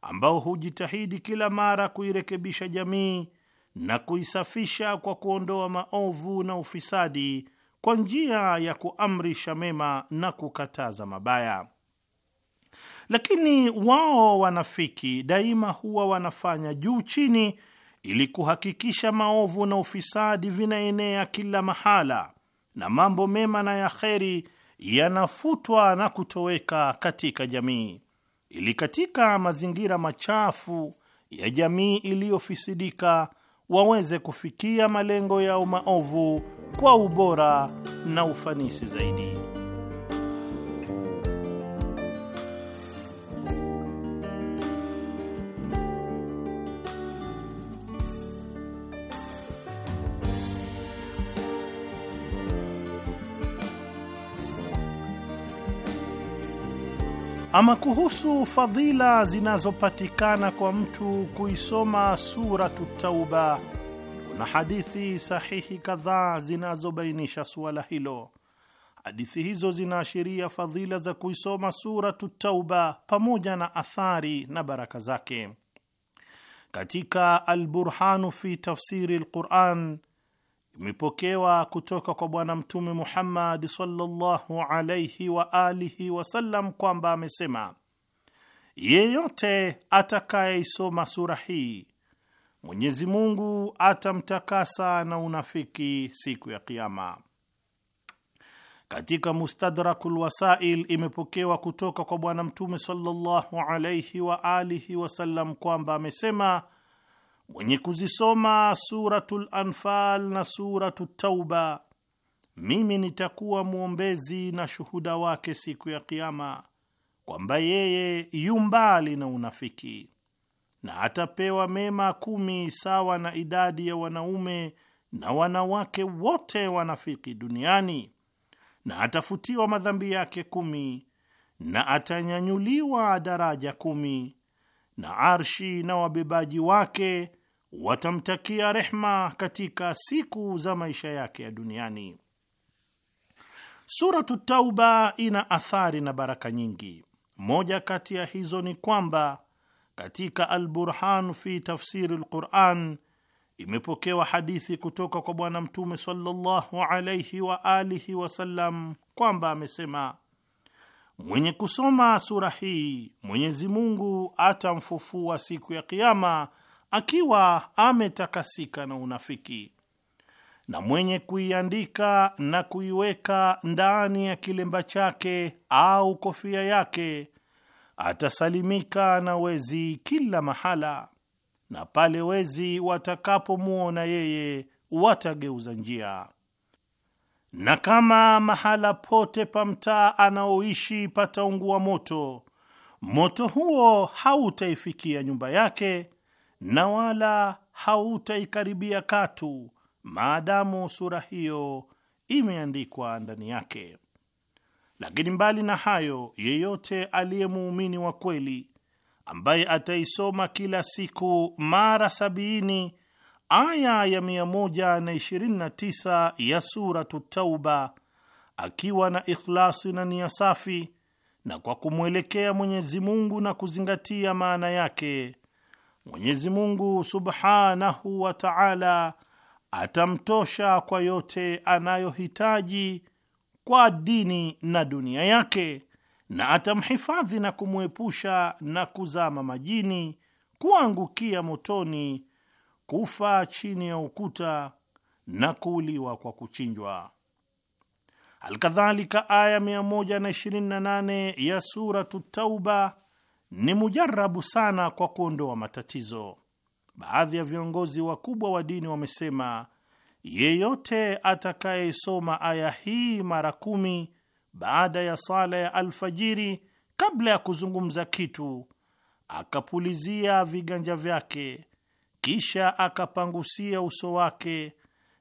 ambao hujitahidi kila mara kuirekebisha jamii na kuisafisha kwa kuondoa maovu na ufisadi kwa njia ya kuamrisha mema na kukataza mabaya. Lakini wao wanafiki daima huwa wanafanya juu chini ili kuhakikisha maovu na ufisadi vinaenea kila mahala na mambo mema na ya kheri yanafutwa na kutoweka katika jamii, ili katika mazingira machafu ya jamii iliyofisidika waweze kufikia malengo yao maovu kwa ubora na ufanisi zaidi. Ama kuhusu fadhila zinazopatikana kwa mtu kuisoma Suratu Tauba, kuna hadithi sahihi kadhaa zinazobainisha suala hilo. Hadithi hizo zinaashiria fadhila za kuisoma Suratu Tauba pamoja na athari na baraka zake. Katika Alburhanu fi tafsiri lquran imepokewa kutoka kwa Bwana Mtume Muhammad sallallahu alaihi wa alihi wasallam kwamba amesema, yeyote atakayeisoma sura hii Mwenyezi Mungu atamtakasa na unafiki siku ya Kiama. Katika Mustadrakul Wasail imepokewa kutoka kwa Bwana Mtume sallallahu alaihi wa alihi wasallam kwamba amesema mwenye kuzisoma Suratul Anfal na Suratu Tauba, mimi nitakuwa mwombezi na shuhuda wake siku ya Kiama kwamba yeye yu mbali na unafiki na atapewa mema kumi sawa na idadi ya wanaume na wanawake wote wanafiki duniani, na atafutiwa madhambi yake kumi na atanyanyuliwa daraja kumi na arshi na wabebaji wake watamtakia rehma katika siku za maisha yake ya duniani. Suratu Tauba ina athari na baraka nyingi. Moja kati ya hizo ni kwamba katika Alburhan fi tafsiri lquran imepokewa hadithi kutoka kwa Bwana Mtume sallallahu alaihi wa alihi wasallam kwamba amesema, mwenye kusoma sura hii Mwenyezi Mungu atamfufua siku ya Kiama akiwa ametakasika na unafiki, na mwenye kuiandika na kuiweka ndani ya kilemba chake au kofia yake atasalimika na wezi kila mahala, na pale wezi watakapomwona yeye watageuza njia. Na kama mahala pote pa mtaa anaoishi pataungua moto, moto huo hautaifikia nyumba yake na wala hautaikaribia katu maadamu sura hiyo imeandikwa ndani yake. Lakini mbali na hayo, yeyote aliye muumini wa kweli ambaye ataisoma kila siku mara sabini aya ya 129 ya Suratu Tauba akiwa na ikhlasi na nia safi na kwa kumwelekea Mwenyezi Mungu na kuzingatia maana yake Mwenyezi Mungu subhanahu wa taala atamtosha kwa yote anayohitaji kwa dini na dunia yake, na atamhifadhi na kumwepusha na kuzama majini, kuangukia motoni, kufa chini ya ukuta na kuuliwa kwa kuchinjwa. Alkadhalika, aya 128 ya Suratu Tauba ni mujarabu sana kwa kuondoa matatizo. Baadhi ya viongozi wakubwa wa dini wamesema yeyote atakayesoma aya hii mara kumi baada ya sala ya alfajiri, kabla ya kuzungumza kitu, akapulizia viganja vyake, kisha akapangusia uso wake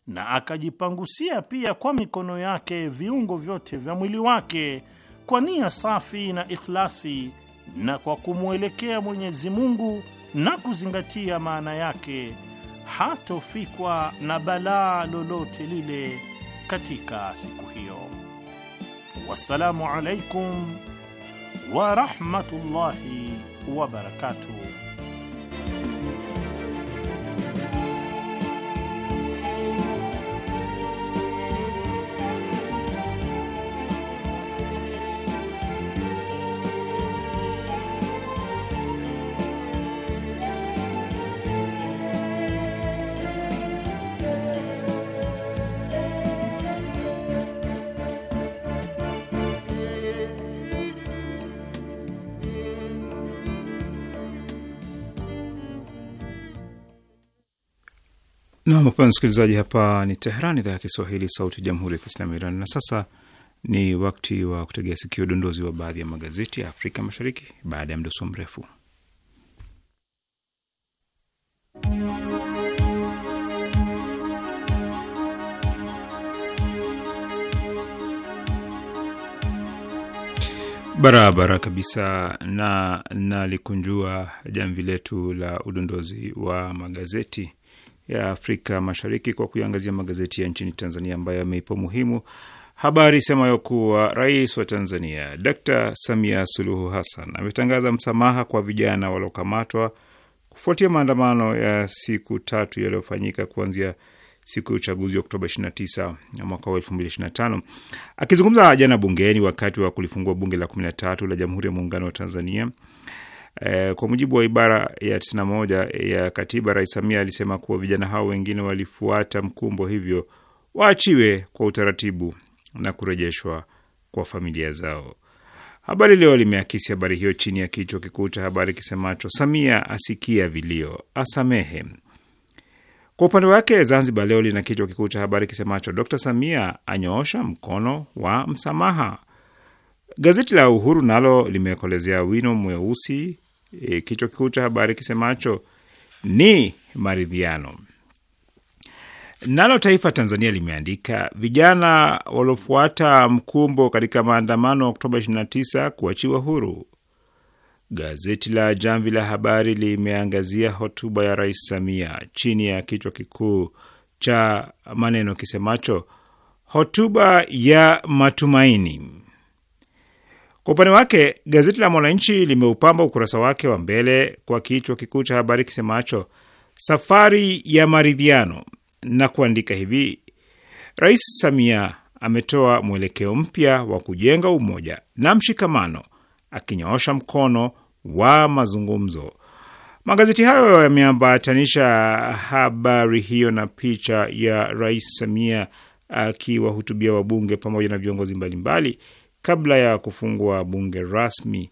na akajipangusia pia kwa mikono yake viungo vyote vya mwili wake kwa nia safi na ikhlasi na kwa kumwelekea Mwenyezi Mungu na kuzingatia maana yake hatofikwa na balaa lolote lile katika siku hiyo. Wassalamu alaikum warahmatullahi wabarakatuh Nam, wapenzi msikilizaji, hapa ni teheran idhaa ya Kiswahili, sauti ya jamhuri ya kiislamu Iran. Na sasa ni wakati wa kutegea sikio udondozi wa baadhi ya magazeti ya Afrika Mashariki baada ya mdoso mrefu. Barabara kabisa na nalikunjua jamvi letu la udondozi wa magazeti ya Afrika Mashariki kwa kuiangazia magazeti ya nchini Tanzania ambayo yameipa muhimu habari semayo kuwa rais wa Tanzania d Samia Suluhu Hassan ametangaza msamaha kwa vijana waliokamatwa kufuatia maandamano ya siku tatu yaliyofanyika kuanzia siku ya uchaguzi wa Oktoba 29 mwaka wa 2025. Akizungumza jana bungeni wakati wa kulifungua bunge la 13 la Jamhuri ya Muungano wa Tanzania, E, kwa mujibu wa ibara ya 91 ya katiba, Rais Samia alisema kuwa vijana hao wengine walifuata mkumbo, hivyo waachiwe kwa utaratibu na kurejeshwa kwa familia zao. Habari Leo limeakisi habari hiyo chini ya kichwa kikuu cha habari kisemacho Samia asikia vilio, asamehe. Kwa upande wake Zanzibar Leo lina kichwa kikuu cha habari kisemacho Dr Samia anyoosha mkono wa msamaha. Gazeti la Uhuru nalo limekolezea wino mweusi e, kichwa kikuu cha habari kisemacho ni maridhiano. Nalo Taifa Tanzania limeandika vijana waliofuata mkumbo katika maandamano Oktoba 29 kuachiwa huru. Gazeti la Jamvi la Habari limeangazia hotuba ya Rais Samia chini ya kichwa kikuu cha maneno kisemacho hotuba ya matumaini. Kwa upande wake gazeti la Mwananchi limeupamba ukurasa wake wa mbele kwa kichwa kikuu cha habari kisemacho safari ya maridhiano na kuandika hivi: Rais Samia ametoa mwelekeo mpya wa kujenga umoja na mshikamano, akinyoosha mkono wa mazungumzo. Magazeti hayo yameambatanisha habari hiyo na picha ya Rais Samia akiwahutubia wabunge pamoja na viongozi mbalimbali mbali kabla ya kufungua bunge rasmi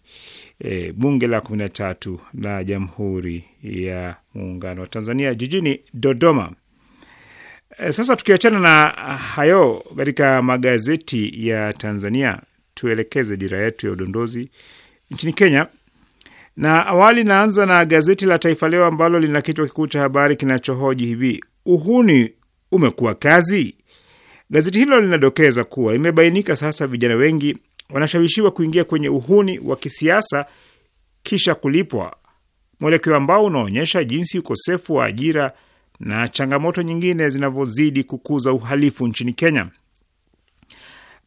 e, bunge la kumi na tatu la Jamhuri ya Muungano wa Tanzania jijini Dodoma. E, sasa tukiachana na hayo katika magazeti ya Tanzania, tuelekeze dira yetu ya udondozi nchini Kenya. Na awali naanza na gazeti la Taifa Leo ambalo lina kichwa kikuu cha habari kinachohoji hivi: uhuni umekuwa kazi Gazeti hilo linadokeza kuwa imebainika sasa vijana wengi wanashawishiwa kuingia kwenye uhuni wa kisiasa kisha kulipwa, mwelekeo ambao unaonyesha jinsi ukosefu wa ajira na changamoto nyingine zinavyozidi kukuza uhalifu nchini Kenya.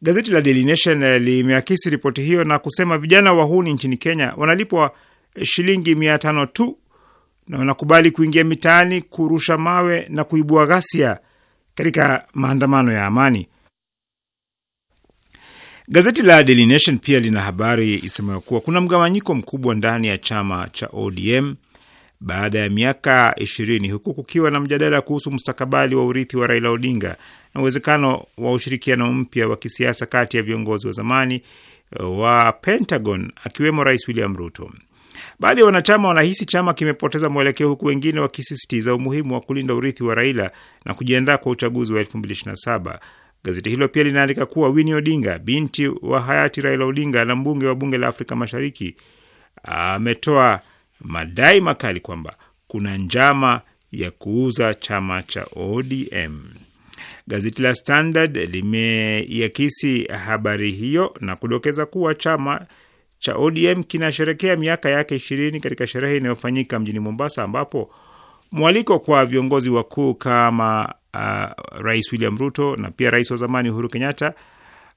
Gazeti la Daily Nation limeakisi ripoti hiyo na kusema vijana wahuni nchini Kenya wanalipwa shilingi mia tano tu na wanakubali kuingia mitaani kurusha mawe na kuibua ghasia katika maandamano ya amani. Gazeti la Daily Nation pia lina habari isemayo kuwa kuna mgawanyiko mkubwa ndani ya chama cha ODM baada ya miaka ishirini huku kukiwa na mjadala kuhusu mustakabali wa urithi wa Raila Odinga na uwezekano wa ushirikiano mpya wa kisiasa kati ya viongozi wa zamani wa Pentagon akiwemo Rais William Ruto. Baadhi ya wanachama wanahisi chama kimepoteza mwelekeo, huku wengine wakisisitiza umuhimu wa kulinda urithi wa Raila na kujiandaa kwa uchaguzi wa 2027. Gazeti hilo pia linaandika kuwa Winnie Odinga, binti wa hayati Raila Odinga na mbunge wa bunge la Afrika Mashariki, ametoa madai makali kwamba kuna njama ya kuuza chama cha ODM. Gazeti la Standard limeiakisi habari hiyo na kudokeza kuwa chama cha ODM kinasherekea miaka yake ishirini katika sherehe inayofanyika mjini Mombasa, ambapo mwaliko kwa viongozi wakuu kama uh, Rais William Ruto na pia rais wa zamani Uhuru Kenyatta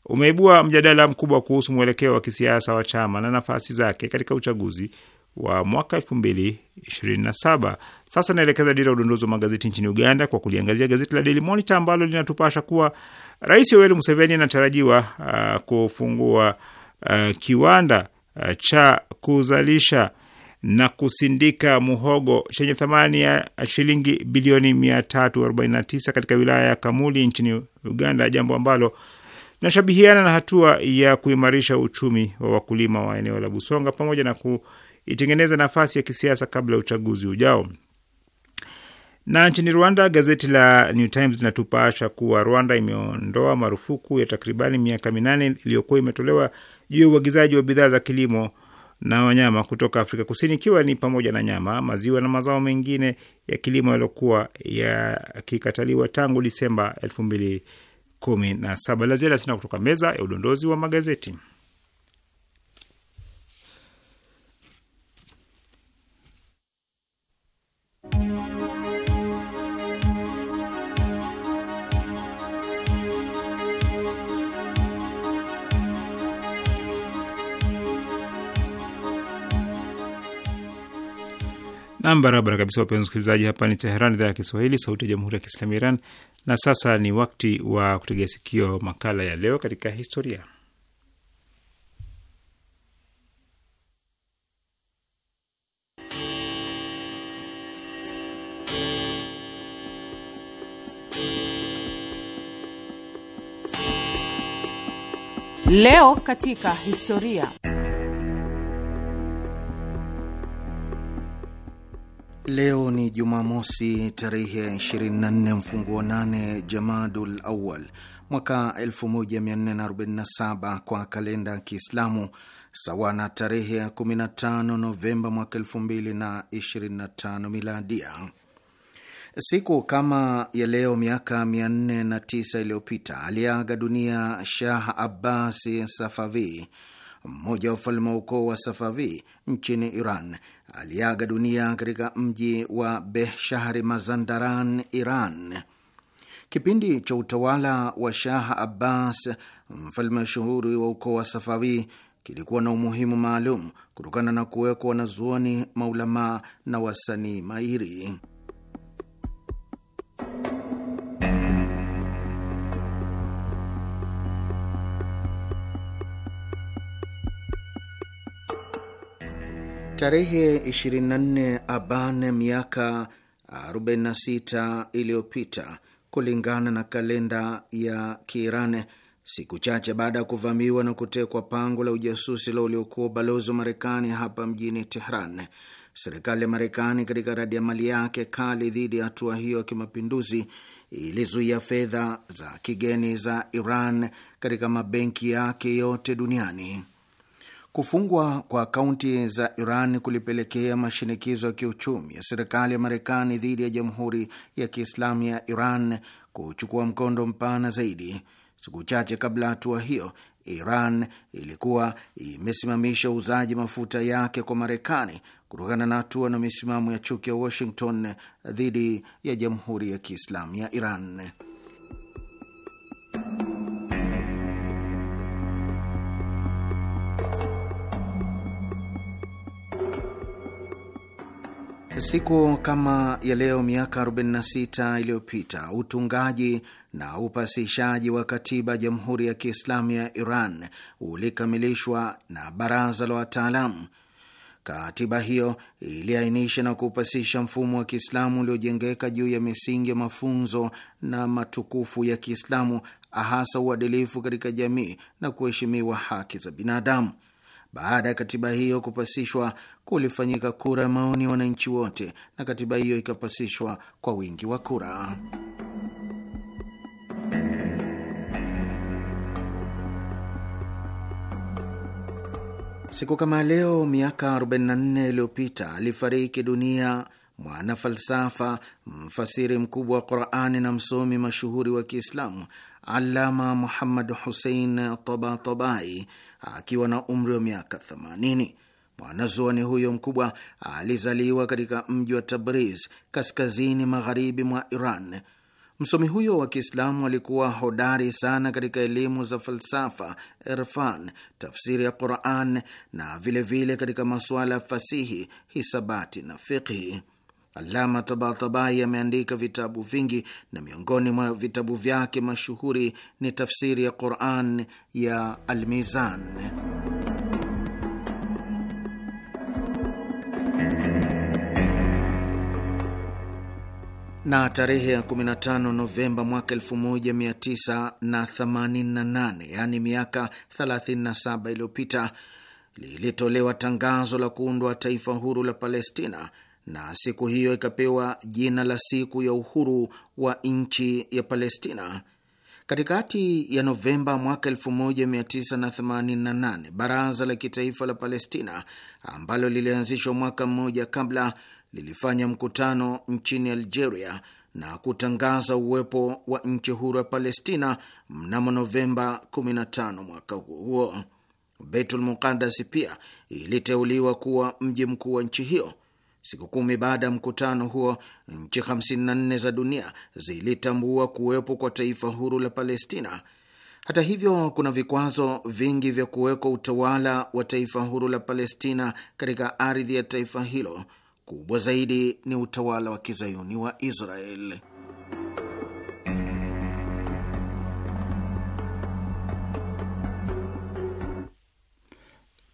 umeibua mjadala mkubwa kuhusu mwelekeo wa kisiasa wa chama na nafasi zake katika uchaguzi wa mwaka elfu mbili ishirini na saba. Sasa naelekeza dira udondozi wa magazeti nchini Uganda kwa kuliangazia gazeti la Daily Monitor ambalo linatupasha kuwa Rais Yoweri Museveni anatarajiwa uh, kufungua uh, kiwanda Eh, cha kuzalisha na kusindika muhogo chenye thamani ya shilingi bilioni 349 katika wilaya ya Kamuli nchini Uganda, jambo ambalo linashabihiana na hatua ya kuimarisha uchumi wa wakulima wa eneo la Busonga pamoja na kuitengeneza nafasi ya kisiasa kabla ya uchaguzi ujao. Na nchini Rwanda, gazeti la New Times linatupasha kuwa Rwanda imeondoa marufuku ya takribani miaka minane iliyokuwa imetolewa juu ya uagizaji wa bidhaa za kilimo na wanyama kutoka Afrika Kusini, ikiwa ni pamoja na nyama, maziwa na mazao mengine ya kilimo yaliyokuwa yakikataliwa tangu Disemba 217 La ziada sina kutoka meza ya udondozi wa magazeti. Nam, barabara kabisa, wapenzi wasikilizaji, hapa ni Teheran, idhaa ya Kiswahili, sauti ya jamhuri ya kiislamu ya Iran. Na sasa ni wakti wa kutegea sikio makala ya leo katika historia. Leo katika historia Leo ni Jumamosi tarehe 24 mfunguo 8 Jamadul Awal mwaka 1447 kwa kalenda ya Kiislamu, sawa na tarehe 15 Novemba mwaka 2025 miladia. Siku kama ya leo miaka 409 iliyopita aliaga dunia Shah Abbasi Safavi, mmoja wa ufalme wa ukoo wa Safavi nchini Iran, aliaga dunia katika mji wa Behshahri Mazandaran, Iran. Kipindi cha utawala wa Shah Abbas, mfalme mashuhuri wa ukoo wa Safavi, kilikuwa na umuhimu maalum kutokana na kuwekwa wanazuoni, maulamaa na wasanii mahiri. Tarehe 24 Aban miaka 46 iliyopita kulingana na kalenda ya Kiirani, siku chache baada ya kuvamiwa na kutekwa pango la ujasusi la uliokuwa ubalozi wa Marekani hapa mjini Tehran, serikali ya Marekani katika radi ya mali yake kali dhidi ya hatua hiyo ya kimapinduzi ilizuia fedha za kigeni za Iran katika mabenki yake yote duniani. Kufungwa kwa akaunti za Iran kulipelekea mashinikizo ya kiuchumi ya serikali ya Marekani dhidi ya Jamhuri ya Kiislamu ya Iran kuchukua mkondo mpana zaidi. Siku chache kabla ya hatua hiyo, Iran ilikuwa imesimamisha uuzaji mafuta yake kwa Marekani kutokana na hatua na misimamo ya chuki ya Washington dhidi ya Jamhuri ya Kiislamu ya Iran. Siku kama ya leo miaka 46 iliyopita utungaji na upasishaji wa katiba ya Jamhuri ya Kiislamu ya Iran ulikamilishwa na baraza la wataalamu. Katiba hiyo iliainisha na kupasisha mfumo wa Kiislamu uliojengeka juu ya misingi ya mafunzo na matukufu ya Kiislamu, hasa uadilifu katika jamii na kuheshimiwa haki za binadamu. Baada ya katiba hiyo kupasishwa, kulifanyika kura ya maoni ya wananchi wote na katiba hiyo ikapasishwa kwa wingi wa kura. Siku kama leo miaka 44 iliyopita alifariki dunia mwana falsafa, mfasiri mkubwa wa Qurani na msomi mashuhuri wa Kiislamu alama Muhammad Husein Tabatabai akiwa na umri wa miaka 80. Mwanazuoni huyo mkubwa alizaliwa katika mji wa Tabriz, kaskazini magharibi mwa Iran. Msomi huyo wa Kiislamu alikuwa hodari sana katika elimu za falsafa, irfan, tafsiri ya Quran na vilevile vile katika masuala ya fasihi, hisabati na fiqhi. Alama Tabatabai ameandika vitabu vingi na miongoni mwa vitabu vyake mashuhuri ni tafsiri ya Quran ya Almizan. na tarehe ya 15 Novemba mwaka 1988 yaani miaka 37 iliyopita lilitolewa tangazo la kuundwa taifa huru la Palestina na siku hiyo ikapewa jina la siku ya uhuru wa nchi ya Palestina. Katikati ya Novemba mwaka 1988 baraza la kitaifa la Palestina ambalo lilianzishwa mwaka mmoja kabla lilifanya mkutano nchini Algeria na kutangaza uwepo wa nchi huru ya Palestina mnamo Novemba 15 mwaka huo. huo betul Muqaddas pia iliteuliwa kuwa mji mkuu wa nchi hiyo. Siku kumi baada ya mkutano huo, nchi 54 za dunia zilitambua kuwepo kwa taifa huru la Palestina. Hata hivyo, kuna vikwazo vingi vya kuwekwa utawala wa taifa huru la Palestina katika ardhi ya taifa hilo. Kubwa zaidi ni utawala wa kizayuni wa Israeli.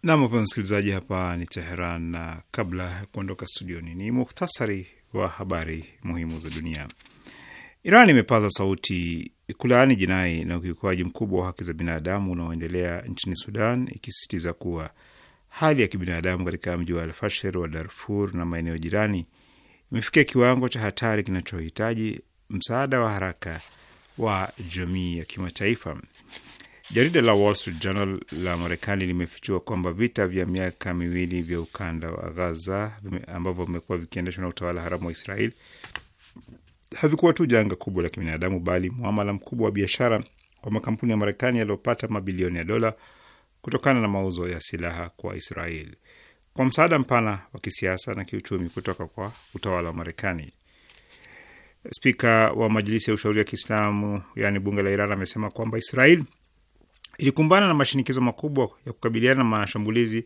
Nam, wapenzi msikilizaji, hapa ni Teheran, na kabla ya kuondoka studioni ni muhtasari wa habari muhimu za dunia. Iran imepaza sauti kulaani jinai na ukiukaji mkubwa wa haki za binadamu unaoendelea nchini Sudan, ikisisitiza kuwa hali ya kibinadamu katika mji wa alfasher wa Darfur na maeneo jirani imefikia kiwango cha hatari kinachohitaji msaada wa haraka wa jamii ya kimataifa. Jarida la Wall Street Journal la Marekani limefichua kwamba vita vya miaka miwili vya ukanda wa Gaza ambavyo vimekuwa vikiendeshwa na utawala haramu wa Israel havikuwa tu janga kubwa la kibinadamu, bali mwamala mkubwa wa biashara kwa makampuni ya Marekani yaliyopata mabilioni ya dola kutokana na mauzo ya silaha kwa Israel kwa msaada mpana wa kisiasa na kiuchumi kutoka kwa utawala wa Marekani. Spika wa Majilisi ya Ushauri ya Kiislamu, yaani bunge la Iran, amesema kwamba Israel ilikumbana na mashinikizo makubwa ya kukabiliana na mashambulizi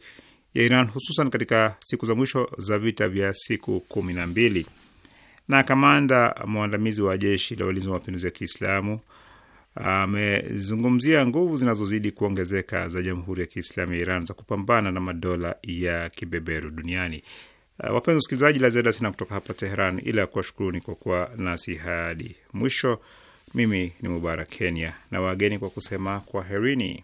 ya Iran hususan katika siku za mwisho za vita vya siku kumi na mbili. Na kamanda mwandamizi wa jeshi la walinzi wa mapinduzi ya Kiislamu amezungumzia nguvu zinazozidi kuongezeka za Jamhuri ya Kiislamu ya Iran za kupambana na madola ya kibeberu duniani. Uh, wapenzi wasikilizaji, la ziada sina kutoka hapa Teheran ila kuwashukuruni kwa kuwa nasi hadi mwisho. Mimi ni Mubarak Kenya na wageni kwa kusema kwaherini.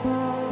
Música